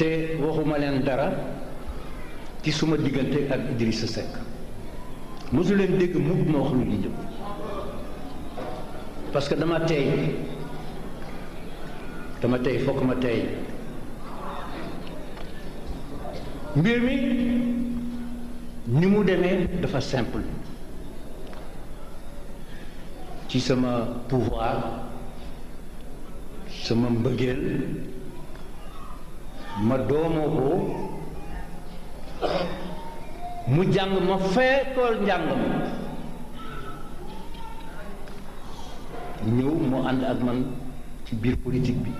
te waxuma leen dara ci suma diggante ak Idrissa Seck mosu leen dégg mukk ma wax lu ñu jëm parce que dama tey dama tey fokk ma tey mbir mi ni mu demee dafa simple ci sama pouvoir sama mbëggeel ma ko mu jang ma feetool njàngam ñëw mo and ak man ci bir politique bi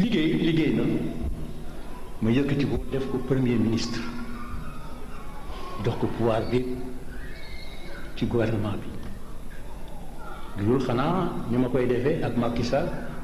liggéey liggéey na ma yëkëti ko def ko premier ministre dox ko pouvoir bi ci gouvernement bi loolu xana ñuma koy defé ak Macky Sall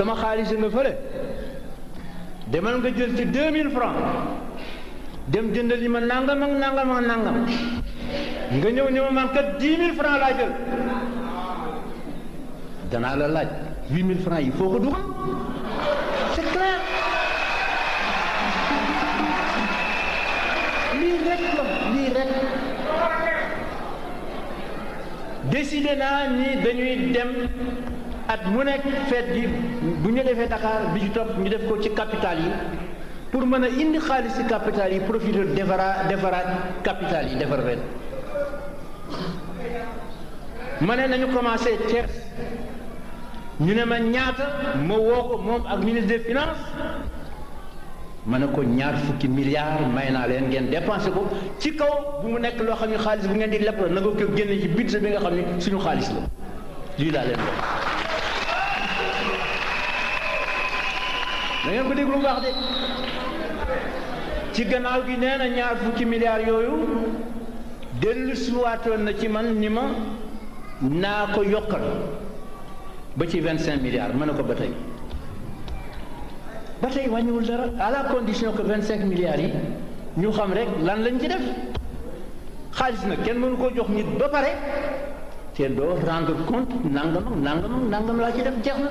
sama xaalis nga fële demal nga jël ci deux mille francs dem jëndal yi ma nangam ak nangam nga ñëw ne ma man kat dix francs laa jël danaa la laaj huit mille francs yi foo ko dugal naa ni dañuy dem at mu nekk feet bi bu ñu defee Dakar bi ci topp ñu def ko ci capital yi pour mën a indi xaalis ci capital yi profiter defaraat defaraat capital yi defar ren ma ne nañu commencé Thiès ñu ne ma ñaata ma woo ko moom ak ministre des finances ma ne ko ñaar fukki milliards may naa leen ngeen dépensé ko ci kaw bu mu nekk loo xam ne xaalis bu ngeen di lepp la na nga ko génne ci budget bi nga xam ne suñu xaalis la lii laa leen da ngeen ko déglu bu baax de ci gannaaw gi nee na ñaar fukki milliards yooyu dellu suwaatoon na ci man ni ma ko yokkal ba ci vingt cinq milliards mën ko batay. Batay ba tey wàññiwul dara à la condition que vingt milliards yi ñu xam rek lan lañ ci def xaalis nag kenn mënu koo jox nit ba pare te doo rendre compte nangam nangam nangam laa ci def jeex na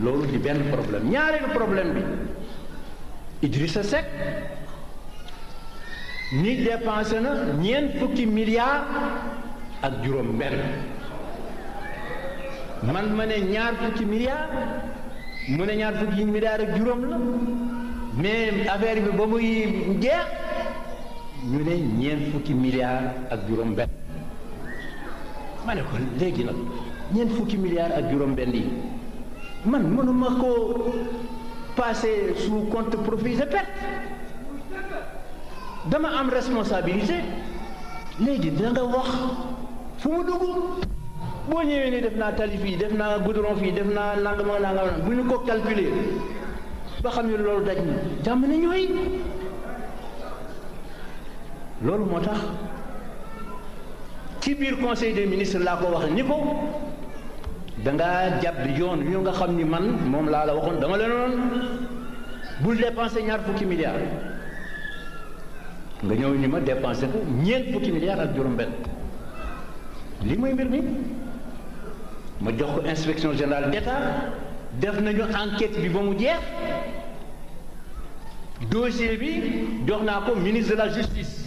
loolu di benn problème ñaareelu problème bi Idrissa Seck ni dépensé na ñeent fukki milliards ak juróom benn man ma ne ñaar fukki milliards mu ne ñaar fukki milliards ak juróom la mais affaire bi ba muy jeex ñu ne ñeent fukki milliards ak juróom benn ma ne ko léegi nag ñeent fukki milliards ak juróom benn yi man mënuma koo passer sous compte profit et perte dama am responsabilité léegi da nga wax fu mu dugg boo ñëwee ni def naa tali fii def naa goudron fii def naa nangama nangama bu ñu ko calculer ba xam ne loolu daj na jàmm na ñooy loolu moo tax ci biir conseil des ministres laa ko wax ni ko dangaa jàpp yoon wi nga xam ni man moom laa la waxoon dama la noon bul dépensé ñaar fukki milliards nga ñëw ni ma dépensé ko ñeent fukki milliards ak juróom-benn li mooy mbir mi ma jox ko inspection générale d'État def nañu enquête bi ba mu jeex dossier bi jox naa ko ministre la justice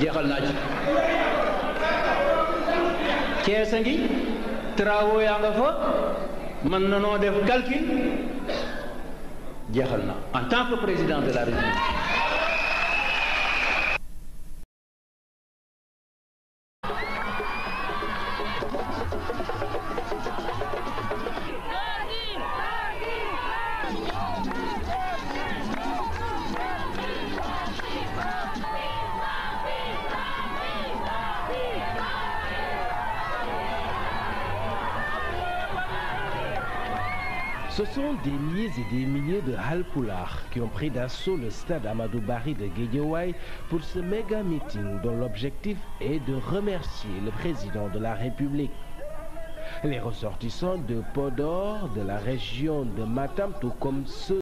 jeexal naa ci Cees a ngi travaux yaa nga fa mën na noo def calcul jeexal na en tant que président de la République Ce sont des milliers et des milliers de Halpoulars qui ont pris d'assaut le stade Amadou Barry de Guédiouaï pour ce méga meeting dont l'objectif est de remercier le président de la République. Les ressortissants de Podor, de la région de Matam, tout comme ceux